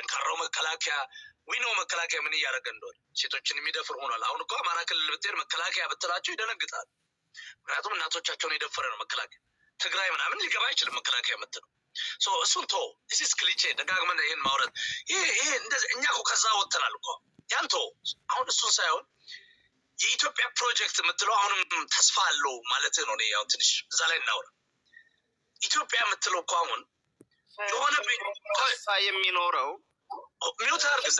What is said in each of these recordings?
ጠንካራው መከላከያ ዊኖ መከላከያ ምን እያደረገ እንደሆነ ሴቶችን የሚደፍር ሆኗል። አሁን እኮ አማራ ክልል ብትሄድ መከላከያ ብትላቸው ይደነግጣል። ምክንያቱም እናቶቻቸውን የደፈረ ነው መከላከያ። ትግራይ ምናምን ሊገባ አይችልም መከላከያ ነው። እሱን ቶ እዚስ ክሊቼ ደጋግመን ይህን ማውረት ይሄ እንደዚህ እኛ እኮ ከዛ ወጥተናል እኮ ያን ቶ አሁን እሱን ሳይሆን የኢትዮጵያ ፕሮጀክት የምትለው አሁንም ተስፋ አለው ማለት ነው። እኔ ያው ትንሽ እዛ ላይ እናውራ። ኢትዮጵያ የምትለው እኮ አሁን የሆነ የሚኖረው ሚውት አድርገው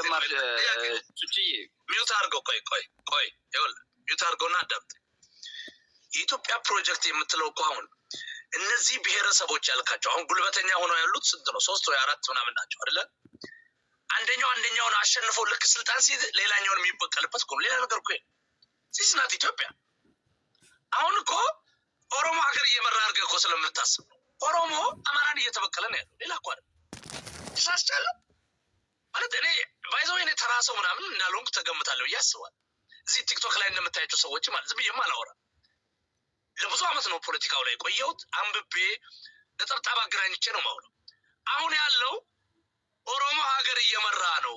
ሚውት አድርገው ቆይ ቆይ ቆይ ይኸውልህ ሚውት አድርገውና አዳምጥ። የኢትዮጵያ ፕሮጀክት የምትለው እኮ አሁን እነዚህ ብሔረሰቦች ያልካቸው አሁን ጉልበተኛ ሆነው ያሉት ስንት ነው? ሶስት ወይ አራት ምናምን ናቸው አይደለ? አንደኛው አንደኛውን አሸንፎ ልክ ስልጣን ሲይዝ ሌላኛውን የሚበቀልበት እኮ ሌላ ነገር እኮ ሲስናት ኢትዮጵያ አሁን እኮ ኦሮሞ ሀገር እየመራ አድርገህ እኮ ስለምታስብ ነው። ኦሮሞ አማራን እየተበቀለ ነው ያለው። ሌላ እኳ አይደለም። ተሳስቻለሁ። ማለት እኔ ባይዘ ወይ ተራ ሰው ምናምን እንዳልሆንኩ ተገምታለሁ ብዬ አስባለሁ። እዚህ ቲክቶክ ላይ እንደምታያቸው ሰዎች ማለት ዝም ብዬ አላወራም። ለብዙ አመት ነው ፖለቲካው ላይ ቆየሁት። አንብቤ ነጠብጣብ አገናኝቼ ነው የማወራው። አሁን ያለው ኦሮሞ ሀገር እየመራ ነው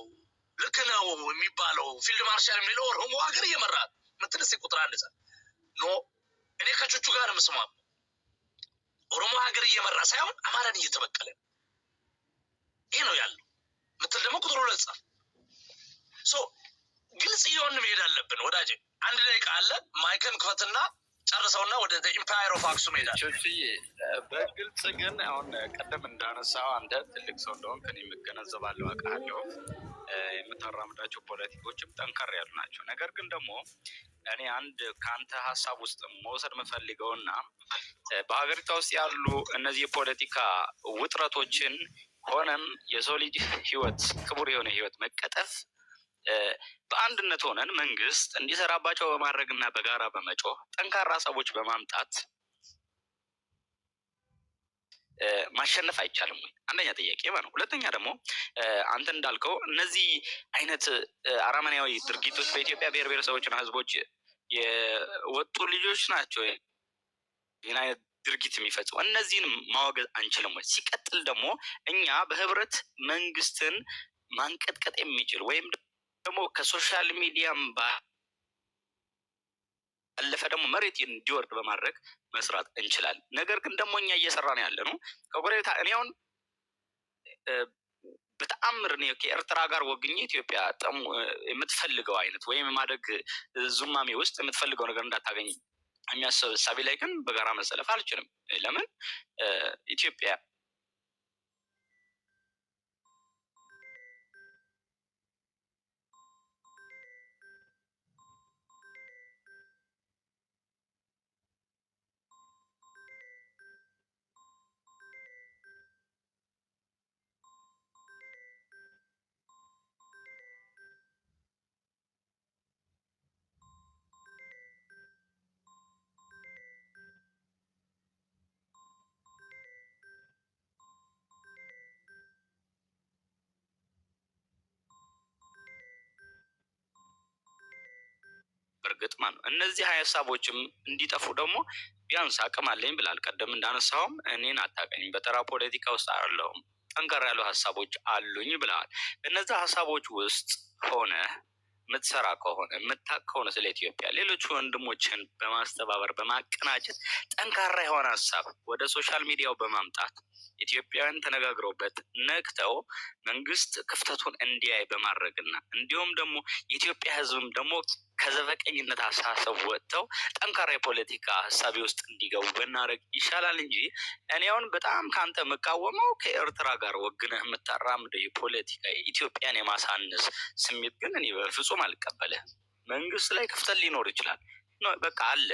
ልክ ነው የሚባለው ፊልድ ማርሻል የሚለው ኦሮሞ ሀገር እየመራ ነው ምትል ቁጥር አንዛ ኖ እኔ ከቹቹ ጋር ምስማ ኦሮሞ ሀገር እየመራ ሳይሆን አማራን እየተበቀለ ነው። ይሄ ነው ያለው። ምትል ደግሞ ቁጥሩ ሁለት ጻፍ። ግልጽ እየሆን መሄድ አለብን ወዳጅ አንድ ደቂቃ አለ። ማይክን ክፈትና ጨርሰውና ወደ ኢምፓየር ኦፍ አክሱም ሄዳለሁ። በግልጽ ግን አሁን ቀደም እንዳነሳው አንተ ትልቅ ሰው እንደሆን ከኔ የምገነዘባለው አውቃለሁ። የምታራምዳቸው ፖለቲኮችም ጠንከር ያሉ ናቸው። ነገር ግን ደግሞ እኔ አንድ ከአንተ ሀሳብ ውስጥ መውሰድ የምፈልገውና በሀገሪቷ ውስጥ ያሉ እነዚህ የፖለቲካ ውጥረቶችን ሆነም የሰው ልጅ ህይወት ክቡር የሆነ ህይወት መቀጠፍ በአንድነት ሆነን መንግስት እንዲሰራባቸው በማድረግና በጋራ በመጮህ ጠንካራ ሰዎች በማምጣት ማሸነፍ አይቻልም ወይ? አንደኛ ጥያቄ ማለት ነው። ሁለተኛ ደግሞ አንተ እንዳልከው እነዚህ አይነት አረመኔያዊ ድርጊቶች በኢትዮጵያ ብሔር ብሔረሰቦችና ህዝቦች የወጡ ልጆች ናቸው ይህን አይነት ድርጊት የሚፈጽሙ እነዚህን ማወገዝ አንችልም ወይ? ሲቀጥል ደግሞ እኛ በህብረት መንግስትን ማንቀጥቀጥ የሚችል ወይም ደግሞ ከሶሻል ሚዲያም ባለፈ ደግሞ መሬት እንዲወርድ በማድረግ መስራት እንችላለን። ነገር ግን ደግሞ እኛ እየሰራ ነው ያለ ነው ከጎረቤት እኔ አሁን በተአምር እኔ ከኤርትራ ጋር ወግኜ ኢትዮጵያ የምትፈልገው አይነት ወይም የማደግ ዙማሜ ውስጥ የምትፈልገው ነገር እንዳታገኝ የሚያሰብ እሳቤ ላይ ግን በጋራ መሰለፍ አልችልም። ለምን ኢትዮጵያ ማለት ነው። እነዚህ ሀይ ሀሳቦችም እንዲጠፉ ደግሞ ቢያንስ አቅም አለኝ ብላል። ቀደም እንዳነሳውም እኔን አታቀኝም፣ በተራ ፖለቲካ ውስጥ አለውም ጠንከር ያሉ ሀሳቦች አሉኝ ብለዋል። እነዛ ሀሳቦች ውስጥ ሆነ የምትሰራ ከሆነ የምታቅ ከሆነ ስለ ኢትዮጵያ ሌሎች ወንድሞችን በማስተባበር በማቀናጀት ጠንካራ የሆነ ሀሳብ ወደ ሶሻል ሚዲያው በማምጣት ኢትዮጵያውያን ተነጋግረውበት ነቅተው መንግስት ክፍተቱን እንዲያይ በማድረግና እንዲሁም ደግሞ የኢትዮጵያ ሕዝብም ደግሞ ከዘበቀኝነት አሳሰብ ወጥተው ጠንካራ የፖለቲካ ሀሳቢ ውስጥ እንዲገቡ ብናደርግ ይሻላል እንጂ እኔ አሁን በጣም ከአንተ የምቃወመው ከኤርትራ ጋር ወግነህ የምታራምደው የፖለቲካ የኢትዮጵያን የማሳነስ ስሜት ግን እኔ በፍጹም አልቀበልህም። መንግስት ላይ ክፍተት ሊኖር ይችላል፣ በቃ አለ።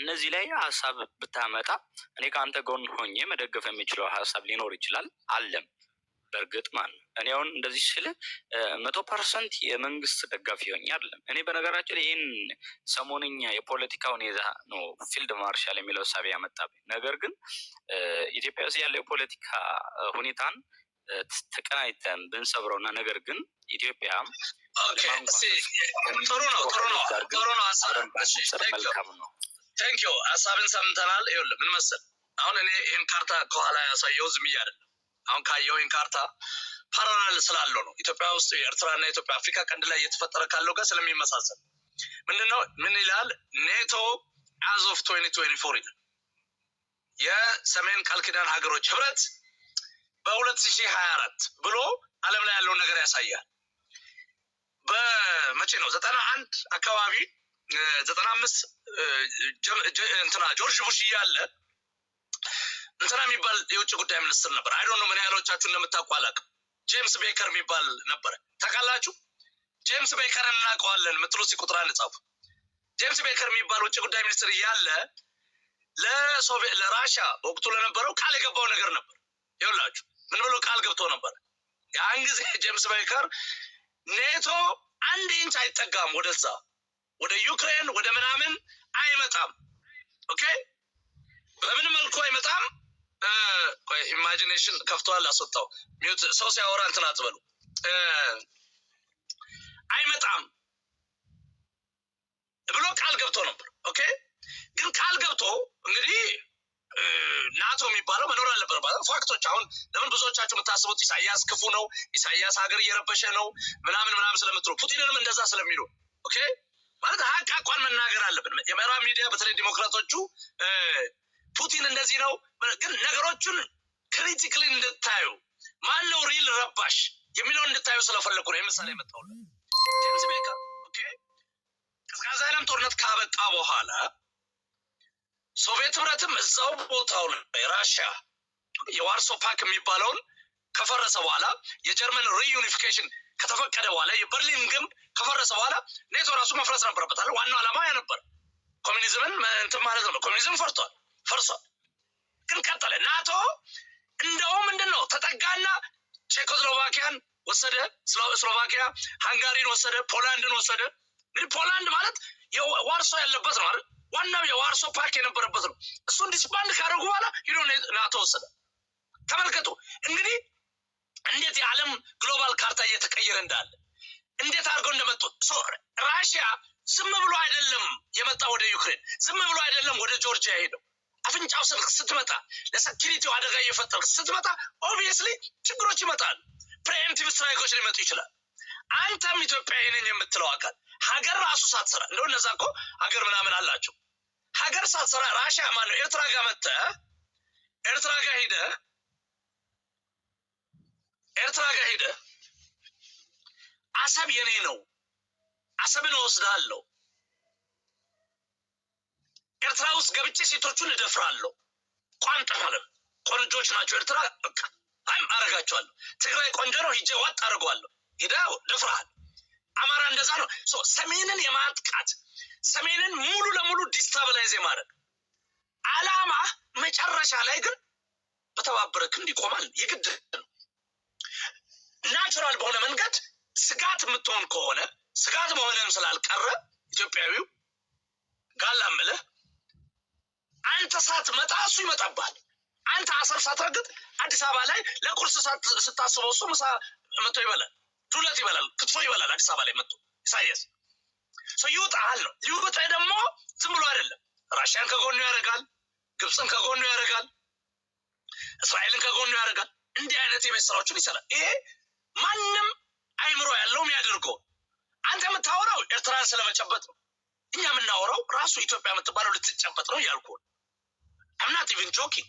እነዚህ ላይ ሀሳብ ብታመጣ እኔ ከአንተ ጎን ሆኜ መደገፍ የሚችለው ሀሳብ ሊኖር ይችላል አለም በእርግጥ ማለት ነው እኔ አሁን እንደዚህ ስል መቶ ፐርሰንት የመንግስት ደጋፊ ሆኜ አይደለም። እኔ በነገራችን ይህን ሰሞንኛ የፖለቲካ ሁኔታ ነው ፊልድ ማርሻል የሚለው ሳቢ ያመጣብኝ። ነገር ግን ኢትዮጵያ ውስጥ ያለው የፖለቲካ ሁኔታን ተቀናይተን ብንሰብረው እና ነገር ግን ኢትዮጵያ ጥሩ ነው ጥሩ ነው ጥሩ ነው መልካም ነው። ቴንክ ዩ ሀሳብን ሰምተናል። ይኸውልህ ምን መሰል አሁን እኔ ይህን ካርታ ከኋላ ያሳየው ዝም ብዬ አሁን ካየውን ካርታ ፓራላል ስላለው ነው። ኢትዮጵያ ውስጥ የኤርትራና ኢትዮጵያ አፍሪካ ቀንድ ላይ እየተፈጠረ ካለው ጋር ስለሚመሳሰል ምንድነው ምን ይላል ኔቶ አዝ ኦፍ ትዌንቲ ትዌንቲ ፎር ይላል የሰሜን ቃል ኪዳን ሀገሮች ህብረት በሁለት ሺ ሀያ አራት ብሎ አለም ላይ ያለውን ነገር ያሳያል። በመቼ ነው ዘጠና አንድ አካባቢ ዘጠና አምስት እንትና ጆርጅ ቡሽ እያለ እንትና የሚባል የውጭ ጉዳይ ሚኒስትር ነበር። አይዶ ነው ምን ያህሎቻችሁ እንደምታውቁ አላውቅም። ጄምስ ቤከር የሚባል ነበረ ታውቃላችሁ? ጄምስ ቤከር እናውቀዋለን ምትሉ ሲቁጥራ ንጻፉ። ጄምስ ቤከር የሚባል ውጭ ጉዳይ ሚኒስትር እያለ ለሶቪየት ለራሻ በወቅቱ ለነበረው ቃል የገባው ነገር ነበር። ይኸውላችሁ ምን ብሎ ቃል ገብቶ ነበር? ያን ጊዜ ጄምስ ቤከር ኔቶ አንድ ኢንች አይጠጋም ወደዛ ወደ ዩክሬን ወደ ምናምን አይመጣም። ኦኬ በምን መልኩ አይመጣም ኢማጂኔሽን ከፍተዋል። አስወጣው ሚዩት። ሰው ሲያወራ እንትን አትበሉ። አይመጣም ብሎ ቃል ገብቶ ነበር። ኦኬ ግን ቃል ገብቶ እንግዲህ ናቶ የሚባለው መኖር አልነበረባትም። ፋክቶች አሁን ለምን ብዙዎቻችሁ የምታስቡት ኢሳያስ ክፉ ነው፣ ኢሳያስ ሀገር እየረበሸ ነው ምናምን ምናምን ስለምትሉ ፑቲንንም እንደዛ ስለሚሉ ኦኬ ማለት ሀቅ አቋን መናገር አለብን። የምዕራብ ሚዲያ በተለይ ዲሞክራቶቹ ፑቲን እንደዚህ ነው። ግን ነገሮቹን ክሪቲክሊ እንድታዩ ማን ነው ሪል ረባሽ የሚለውን እንድታዩ ስለፈለኩ ነው። ምሳሌ መጣውለ ጄምስ ቤከር ቀዝቃዛ ዓለም ጦርነት ካበቃ በኋላ ሶቪየት ህብረትም እዛው ቦታው ላይ ራሽያ የዋርሶ ፓክ የሚባለውን ከፈረሰ በኋላ የጀርመን ሪዩኒፊኬሽን ከተፈቀደ በኋላ የበርሊን ግንብ ከፈረሰ በኋላ ኔቶ ራሱ መፍረስ ነበረበታል። ዋናው ዓላማ ያ ነበር። ኮሚኒዝምን እንትን ማለት ነው። ኮሚኒዝም ፈርቷል። ፈርሷል። ግን ቀጠለ። ናቶ እንደውም ምንድን ነው ተጠጋና ቼኮስሎቫኪያን ወሰደ፣ ስሎቫኪያ ሃንጋሪን ወሰደ፣ ፖላንድን ወሰደ። እንግዲህ ፖላንድ ማለት የዋርሶ ያለበት ነው አይደል? ዋናው የዋርሶ ፓርክ የነበረበት ነው። እሱን ዲስባንድ ካደረጉ በኋላ ናቶ ወሰደ። ተመልከቱ እንግዲህ እንዴት የዓለም ግሎባል ካርታ እየተቀየረ እንዳለ እንዴት አድርገው እንደመጡ ራሽያ ዝም ብሎ አይደለም የመጣ ወደ ዩክሬን ዝም ብሎ አይደለም ወደ ጆርጂያ ሄደው አፍንጫው ስልክ ስትመጣ ለሰኪሪቲው አደጋ እየፈጠር ስትመጣ ኦብቪየስሊ ችግሮች ይመጣል። ፕሪኤምቲቭ ስትራይኮች ሊመጡ ይችላል። አንተም ኢትዮጵያ ይህንን የምትለው አካል ሀገር ራሱ ሳትሰራ እንደው እነዛ እኮ ሀገር ምናምን አላቸው ሀገር ሳትሰራ ራሽያ ማነው ኤርትራ ጋር መጥተህ ኤርትራ ጋር ሂደ ኤርትራ ጋር ሂደ አሰብ የኔ ነው አሰብን እወስዳለሁ ኤርትራ ውስጥ ገብቼ ሴቶቹን እደፍራለሁ። ቋንጥ ማለት ቆንጆች ናቸው። ኤርትራ አይም አረጋቸዋለሁ። ትግራይ ቆንጆ ነው፣ ሂጄ ዋጥ አድርገዋለሁ። ሄዳ ደፍረሃል። አማራ እንደዛ ነው። ሰሜንን የማጥቃት ሰሜንን ሙሉ ለሙሉ ዲስታብላይዝ የማድረግ አላማ መጨረሻ ላይ ግን በተባበረ ክንድ ይቆማል። የግድ ናቹራል በሆነ መንገድ ስጋት የምትሆን ከሆነ ስጋት መሆንም ስላልቀረ ኢትዮጵያዊው ጋላምልህ አንተ ሳትመጣ እሱ ይመጣባል። አንተ አሰር ሳትረግጥ አዲስ አበባ ላይ ለቁርስ ስታስበው እሱ ምሳ መቶ ይበላል፣ ዱለት ይበላል፣ ክትፎ ይበላል። አዲስ አበባ ላይ መጡ ኢሳያስ ሰው ነው። ይውጣ ደግሞ ዝም ብሎ አይደለም። ራሽያን ከጎኑ ያደርጋል፣ ግብፅን ከጎኑ ያደርጋል፣ እስራኤልን ከጎኑ ያደርጋል። እንዲህ አይነት የቤት ስራዎችን ይሰራል። ይሄ ማንም አይምሮ ያለው የሚያደርገው አንተ የምታወራው ኤርትራን ስለመጨበጥ ነው። እኛ የምናወራው ራሱ ኢትዮጵያ የምትባለው ልትጨበጥ ነው እያልኩ አምናት ኢቭን ጆኪንግ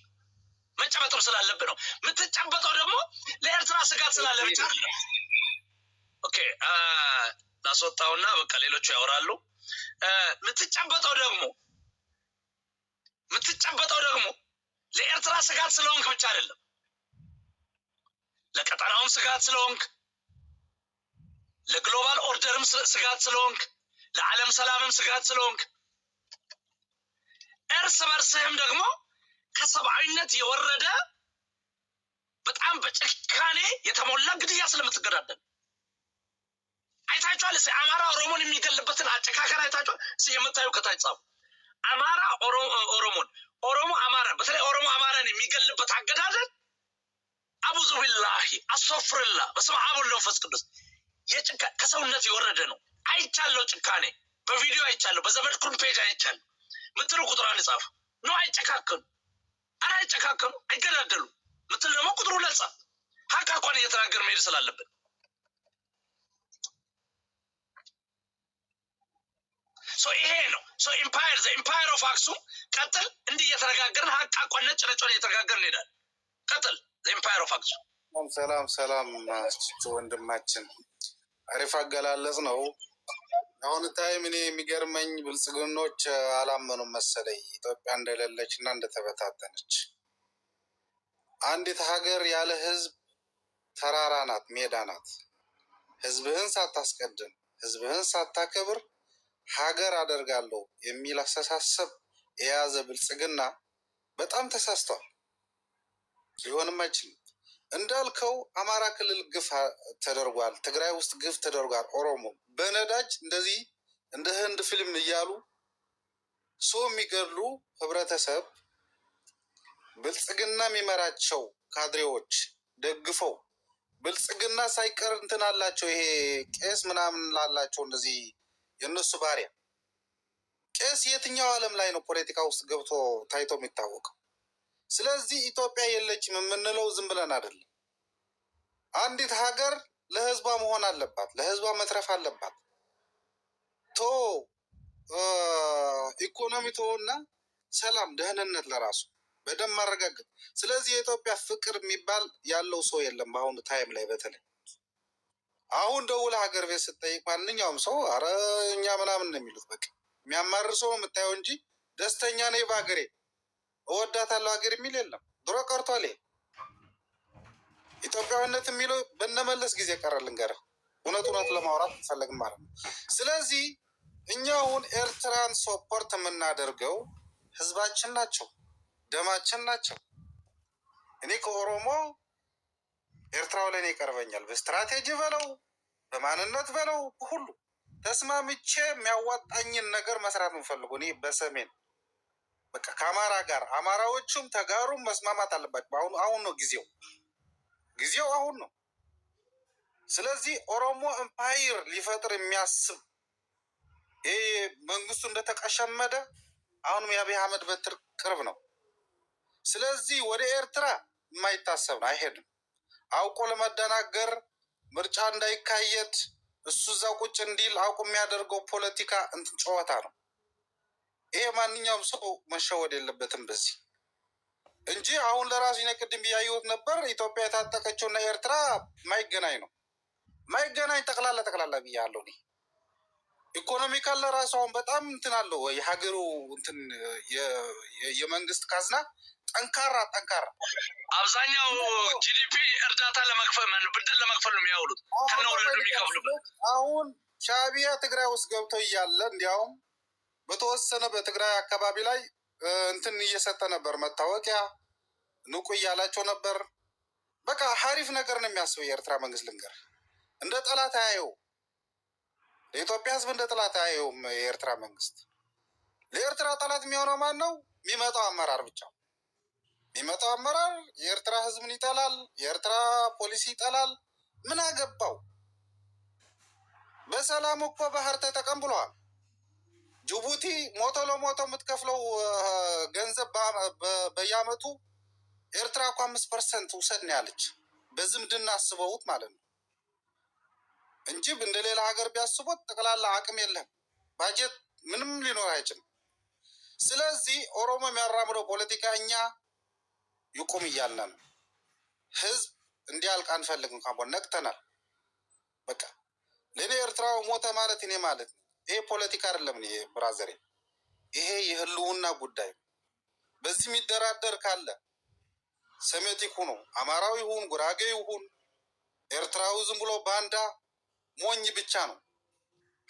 መጨበጥም ስላለብ ነው የምትጨበጠው። ደግሞ ለኤርትራ ስጋት ስላለ ብቻ ኦኬ ላስወጣውና በቃ ሌሎቹ ያወራሉ። የምትጨበጠው ደግሞ የምትጨበጠው ደግሞ ለኤርትራ ስጋት ስለሆንክ ብቻ አይደለም፣ ለቀጠናውም ስጋት ስለሆንክ፣ ለግሎባል ኦርደርም ስጋት ስለሆንክ፣ ለዓለም ሰላምም ስጋት ስለሆንክ እርስ በርስህም ደግሞ ከሰብአዊነት የወረደ በጣም በጭካኔ የተሞላ ግድያ ስለምትገዳደል አይታችኋል። ስ አማራ ኦሮሞን የሚገልበትን አጨካከር አይታችኋል። ስ የምታዩ ከታች ጻፉ። አማራ ኦሮሞን፣ ኦሮሞ አማራ፣ በተለይ ኦሮሞ አማራን የሚገልበት አገዳደል አቡዙ ቢላሂ አስተፍርላ በስመ አብ ወመንፈስ ቅዱስ ከሰውነት የወረደ ነው። አይቻለው፣ ጭካኔ በቪዲዮ አይቻለሁ፣ በዘመድኩን ፔጅ አይቻለሁ። ምትሉ ቁጥራን አንጻፍ ነው። አይጨካከሉ አይጨካከሉ፣ አይገዳደሉ ምትል ደግሞ ቁጥሩ ለጻ ሀቅ አቋን እየተናገር መሄድ ስላለብን ይሄ ነው ኢምፓየር ኢምፓየር ኦፍ አክሱም። ቀጥል እንዲህ እየተነጋገርን ሀቅ አቋን ነጭ ነጭ እየተነጋገርን እንሄዳለን። ቀጥል ኢምፓየር ኦፍ አክሱም። ሰላም ሰላም ወንድማችን፣ አሪፍ አገላለጽ ነው። አሁን ታይም እኔ የሚገርመኝ ብልጽግኖች አላመኑም መሰለኝ ኢትዮጵያ እንደሌለች እና እንደተበታተነች። አንዲት ሀገር ያለ ህዝብ ተራራ ናት፣ ሜዳ ናት። ህዝብህን ሳታስቀድም፣ ህዝብህን ሳታከብር ሀገር አደርጋለሁ የሚል አስተሳሰብ የያዘ ብልጽግና በጣም ተሳስቷል። ሊሆንም አይችልም። እንዳልከው አማራ ክልል ግፍ ተደርጓል፣ ትግራይ ውስጥ ግፍ ተደርጓል። ኦሮሞ በነዳጅ እንደዚህ እንደ ህንድ ፊልም እያሉ ሰው የሚገድሉ ህብረተሰብ ብልጽግና የሚመራቸው ካድሬዎች ደግፈው ብልጽግና ሳይቀር እንትን አላቸው። ይሄ ቄስ ምናምን ላላቸው እንደዚህ የእነሱ ባሪያ ቄስ የትኛው ዓለም ላይ ነው ፖለቲካ ውስጥ ገብቶ ታይቶ የሚታወቀው? ስለዚህ ኢትዮጵያ የለችም የምንለው ዝም ብለን አይደለም። አንዲት ሀገር ለህዝቧ መሆን አለባት፣ ለህዝቧ መትረፍ አለባት። ቶ ኢኮኖሚ ቶና ሰላም፣ ደህንነት ለራሱ በደንብ ማረጋገጥ። ስለዚህ የኢትዮጵያ ፍቅር የሚባል ያለው ሰው የለም በአሁኑ ታይም ላይ በተለይ አሁን ደውለ ሀገር ቤት ስጠይቅ ማንኛውም ሰው አረ እኛ ምናምን ነው የሚሉት። በቃ የሚያማርር ሰው የምታየው እንጂ ደስተኛ ነኝ በሀገሬ እወዳታለሁ ሀገር የሚል የለም። ድሮ ቀርቷል። ኢትዮጵያዊነት የሚለው በነመለስ ጊዜ ቀረልን ገር እውነት እውነት ለማውራት ፈለግም ማለት ነው። ስለዚህ እኛ አሁን ኤርትራን ሶፖርት የምናደርገው ህዝባችን ናቸው፣ ደማችን ናቸው። እኔ ከኦሮሞ ኤርትራው ለእኔ ይቀርበኛል። በስትራቴጂ በለው በማንነት በለው ሁሉ ተስማምቼ የሚያዋጣኝን ነገር መስራት የምፈልገው እኔ በሰሜን በቃ ከአማራ ጋር አማራዎቹም ተጋሩም መስማማት አለባቸው። አሁን አሁን ነው ጊዜው ጊዜው አሁን ነው። ስለዚህ ኦሮሞ ኤምፓየር ሊፈጥር የሚያስብ ይህ መንግስቱ እንደተቀሸመደ አሁንም የአብይ አህመድ በትር ቅርብ ነው። ስለዚህ ወደ ኤርትራ የማይታሰብ ነው፣ አይሄድም። አውቆ ለመደናገር ምርጫ እንዳይካየድ እሱ እዛ ቁጭ እንዲል አውቁ የሚያደርገው ፖለቲካ እንትን ጨዋታ ነው። ይሄ ማንኛውም ሰው መሸወድ የለበትም በዚህ እንጂ አሁን ለራሱ ቅድም ብያየሁት ነበር። ኢትዮጵያ የታጠቀችውና ኤርትራ ማይገናኝ ነው ማይገናኝ ጠቅላላ ጠቅላላ ብያለሁ። እኔ ኢኮኖሚካል ለራሱ አሁን በጣም እንትን አለው የሀገሩ እንትን የመንግስት ካዝና ጠንካራ ጠንካራ አብዛኛው ጂዲፒ እርዳታ ለመክፈል ብድር ለመክፈል ነው የሚያውሉት ከነወረዱ የሚከፍሉበት። አሁን ሻቢያ ትግራይ ውስጥ ገብቶ እያለ እንዲያውም በተወሰነ በትግራይ አካባቢ ላይ እንትን እየሰጠ ነበር፣ መታወቂያ ንቁ እያላቸው ነበር። በቃ ሀሪፍ ነገር ነው የሚያስበው የኤርትራ መንግስት። ልንገር እንደ ጠላት አያየው፣ ለኢትዮጵያ ህዝብ እንደ ጠላት አያየውም። የኤርትራ መንግስት ለኤርትራ ጠላት የሚሆነው ማን ነው? የሚመጣው አመራር ብቻ። የሚመጣው አመራር የኤርትራ ህዝብን ይጠላል፣ የኤርትራ ፖሊሲ ይጠላል። ምን አገባው? በሰላም እኮ ባህር ተጠቀም ብለዋል። ጅቡቲ ሞቶ ለሞቶ የምትከፍለው ገንዘብ በየአመቱ ኤርትራ እኮ አምስት ፐርሰንት ውሰድ ነው ያለች። በዝምድና አስበውት ማለት ነው እንጂ እንደ ሌላ ሀገር ቢያስቡት ጠቅላላ አቅም የለም፣ ባጀት ምንም ሊኖር አይችልም። ስለዚህ ኦሮሞ የሚያራምደው ፖለቲካ እኛ ይቁም እያለ ነው። ህዝብ እንዲያልቅ አንፈልግም። ካቦን ነቅተናል። በቃ ለእኔ ኤርትራው ሞተ ማለት እኔ ማለት ነው ይሄ ፖለቲካ አይደለም ብራዘሬ፣ ይሄ የህልውና ጉዳይ። በዚህ የሚደራደር ካለ ሰሜት ሁኖ አማራዊ ይሁን ጉራጌ ይሁን ኤርትራዊ ዝም ብሎ ባንዳ ሞኝ ብቻ ነው፣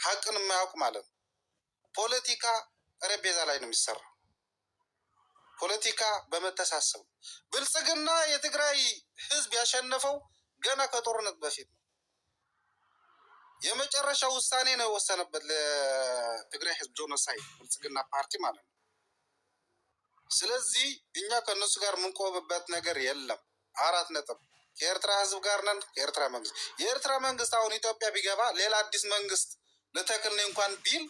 ሀቅን የማያውቅ ማለት ነው። ፖለቲካ ጠረጴዛ ላይ ነው የሚሰራ። ፖለቲካ በመተሳሰብ ብልጽግና የትግራይ ህዝብ ያሸነፈው ገና ከጦርነት በፊት ነው። የመጨረሻ ውሳኔ ነው የወሰነበት ለትግራይ ህዝብ ጆኖሳይድ ብልጽግና ፓርቲ ማለት ነው። ስለዚህ እኛ ከእነሱ ጋር የምንቆምበት ነገር የለም። አራት ነጥብ። ከኤርትራ ህዝብ ጋር ነን። ከኤርትራ መንግስት የኤርትራ መንግስት አሁን ኢትዮጵያ ቢገባ ሌላ አዲስ መንግስት ልተክል እንኳን ቢል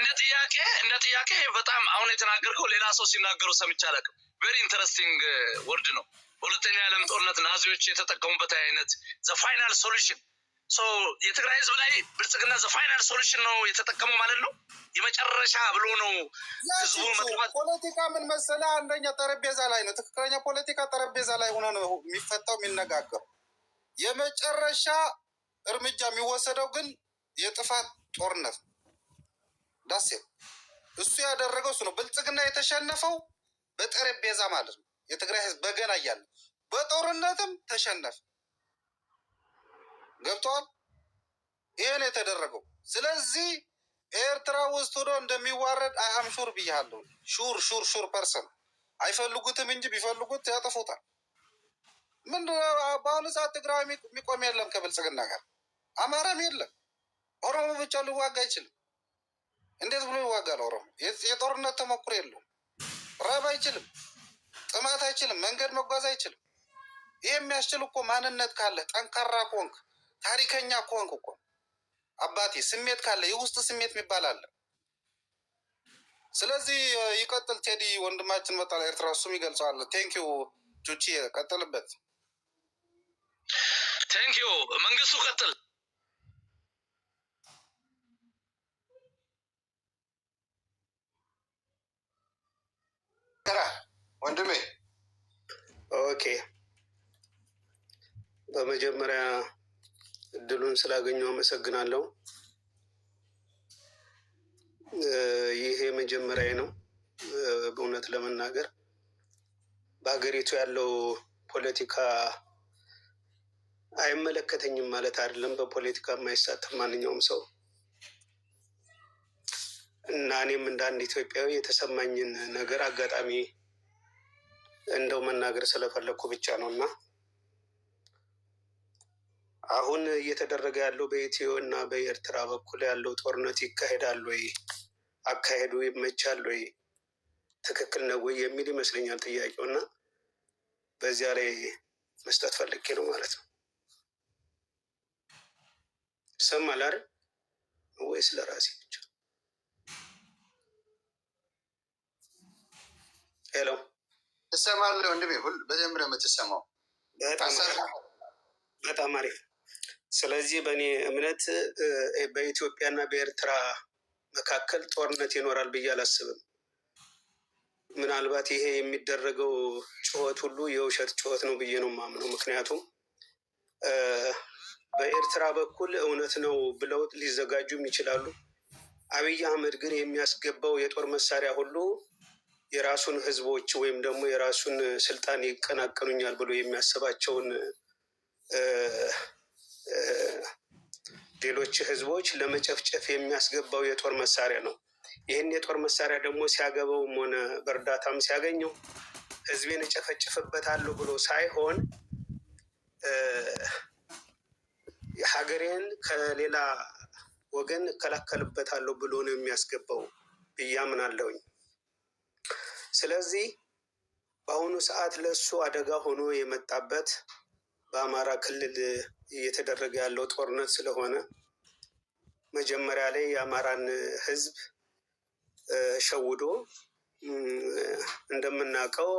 እንደ ጥያቄ እንደ ጥያቄ በጣም አሁን የተናገርከው ሌላ ሰው ሲናገሩ ሰምቼ አላውቅም። ቬሪ ኢንተረስቲንግ ወርድ ነው። በሁለተኛ የዓለም ጦርነት ናዚዎች የተጠቀሙበት አይነት ዘ ፋይናል ሶሉሽን የትግራይ ህዝብ ላይ ብልጽግና ዘ ፋይናል ሶሉሽን ነው የተጠቀመው ማለት ነው። የመጨረሻ ብሎ ነው ህዝቡ ፖለቲካ ምን መሰለ፣ አንደኛ ጠረጴዛ ላይ ነው። ትክክለኛ ፖለቲካ ጠረጴዛ ላይ ሆነ ነው የሚፈታው የሚነጋገር። የመጨረሻ እርምጃ የሚወሰደው ግን የጥፋት ጦርነት ዳሴ እሱ ያደረገው እሱ ነው። ብልጽግና የተሸነፈው በጠረጴዛ ማለት ነው። የትግራይ ህዝብ በገና እያለ በጦርነትም ተሸነፈ። ገብተዋል። ይህን የተደረገው ስለዚህ ኤርትራ ውስጥ ሆኖ እንደሚዋረድ አይሃም ሹር ብያለሁ። ሹር ሹር ሹር ፐርሰን አይፈልጉትም እንጂ ቢፈልጉት ያጠፉታል። ምንድነው በአሁኑ ሰዓት ትግራዊ የሚቆም የለም ከብልጽግና ጋር አማራም የለም። ኦሮሞ ብቻ ሊዋጋ አይችልም። እንዴት ብሎ ይዋጋል? ኦሮሞ የጦርነት ተሞክሮ የለውም። ራብ አይችልም፣ ጥማት አይችልም፣ መንገድ መጓዝ አይችልም። ይህ የሚያስችል እኮ ማንነት ካለ ጠንካራ ኮንክ ታሪከኛ ከሆንክ እኮ አባቴ ስሜት ካለ የውስጥ ስሜት የሚባል አለ። ስለዚህ ይቀጥል። ቴዲ ወንድማችን መጣ ኤርትራ፣ እሱም ይገልጸዋል። ቴንኪዩ ጁቺ፣ ቀጥልበት። ቴንኪዩ መንግስቱ፣ ቀጥል። ወንድሜ ኦኬ፣ በመጀመሪያ እድሉን ስላገኘው አመሰግናለሁ። ይሄ መጀመሪያ ነው። በእውነት ለመናገር በሀገሪቱ ያለው ፖለቲካ አይመለከተኝም ማለት አይደለም። በፖለቲካ የማይሳተፍ ማንኛውም ሰው እና እኔም እንደ አንድ ኢትዮጵያዊ የተሰማኝን ነገር አጋጣሚ እንደው መናገር ስለፈለግኩ ብቻ ነው እና አሁን እየተደረገ ያለው በኢትዮ እና በኤርትራ በኩል ያለው ጦርነት ይካሄዳል ወይ? አካሄዱ ይመቻል ወይ? ትክክል ነው ወይ የሚል ይመስለኛል ጥያቄው እና በዚያ ላይ መስጠት ፈልጌ ነው ማለት ነው። ይሰማል አይደል ስለ ለራሴ ብቻ? ሄሎ እሰማለሁ። እንድ ሁሉ በጀምረ የምትሰማው። በጣም አሪፍ ስለዚህ በእኔ እምነት በኢትዮጵያና በኤርትራ መካከል ጦርነት ይኖራል ብዬ አላስብም። ምናልባት ይሄ የሚደረገው ጩኸት ሁሉ የውሸት ጩኸት ነው ብዬ ነው የማምነው። ምክንያቱም በኤርትራ በኩል እውነት ነው ብለው ሊዘጋጁም ይችላሉ። አብይ አህመድ ግን የሚያስገባው የጦር መሳሪያ ሁሉ የራሱን ህዝቦች ወይም ደግሞ የራሱን ስልጣን ይቀናቀኑኛል ብሎ የሚያስባቸውን ሌሎች ህዝቦች ለመጨፍጨፍ የሚያስገባው የጦር መሳሪያ ነው። ይህን የጦር መሳሪያ ደግሞ ሲያገባውም ሆነ በእርዳታም ሲያገኘው ህዝቤን እጨፈጭፍበታለሁ ብሎ ሳይሆን ሀገሬን ከሌላ ወገን እከላከልበታለሁ ብሎ ነው የሚያስገባው ብዬ ስለዚህ በአሁኑ ሰዓት ለእሱ አደጋ ሆኖ የመጣበት በአማራ ክልል እየተደረገ ያለው ጦርነት ስለሆነ መጀመሪያ ላይ የአማራን ህዝብ ሸውዶ እንደምናውቀው